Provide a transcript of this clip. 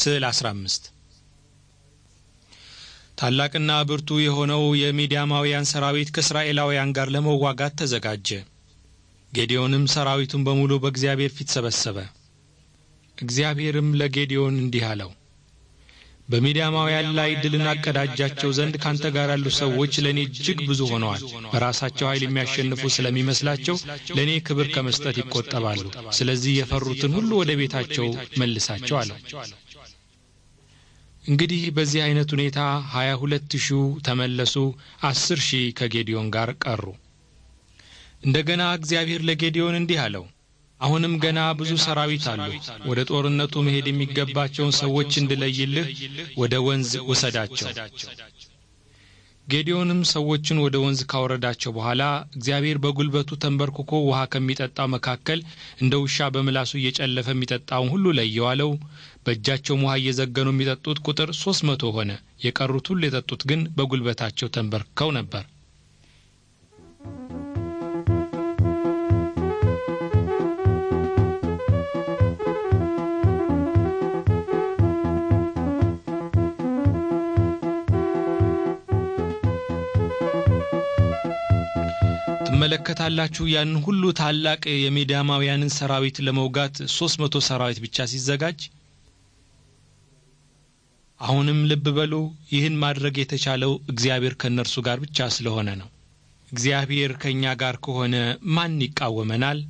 ስዕል 15 ታላቅና ብርቱ የሆነው የሚዲያማውያን ሰራዊት ከእስራኤላውያን ጋር ለመዋጋት ተዘጋጀ። ጌዲዮንም ሰራዊቱን በሙሉ በእግዚአብሔር ፊት ሰበሰበ። እግዚአብሔርም ለጌዲዮን እንዲህ አለው፣ በሚዲያማውያን ላይ ድል እናቀዳጃቸው ዘንድ ካንተ ጋር ያሉ ሰዎች ለእኔ እጅግ ብዙ ሆነዋል። በራሳቸው ኃይል የሚያሸንፉ ስለሚመስላቸው ለእኔ ክብር ከመስጠት ይቆጠባሉ። ስለዚህ የፈሩትን ሁሉ ወደ ቤታቸው መልሳቸው አለው። እንግዲህ በዚህ አይነት ሁኔታ ሀያ ሁለት ሺው ተመለሱ፣ አስር ሺህ ከጌዲዮን ጋር ቀሩ። እንደገና እግዚአብሔር ለጌዲዮን እንዲህ አለው፣ አሁንም ገና ብዙ ሰራዊት አሉ። ወደ ጦርነቱ መሄድ የሚገባቸውን ሰዎች እንድለይልህ ወደ ወንዝ ውሰዳቸው። ጌዲዮንም ሰዎችን ወደ ወንዝ ካወረዳቸው በኋላ እግዚአብሔር በጉልበቱ ተንበርክኮ ውሃ ከሚጠጣው መካከል እንደ ውሻ በምላሱ እየጨለፈ የሚጠጣውን ሁሉ ለየዋለው። በእጃቸውም ውሃ እየዘገኑ የሚጠጡት ቁጥር ሦስት መቶ ሆነ። የቀሩት ሁሉ የጠጡት ግን በጉልበታቸው ተንበርክከው ነበር። ትመለከታላችሁ ያን ሁሉ ታላቅ የሜዳማውያንን ሰራዊት ለመውጋት ሶስት መቶ ሰራዊት ብቻ ሲዘጋጅ አሁንም ልብ በሉ ይህን ማድረግ የተቻለው እግዚአብሔር ከእነርሱ ጋር ብቻ ስለሆነ ነው። እግዚአብሔር ከእኛ ጋር ከሆነ ማን ይቃወመናል?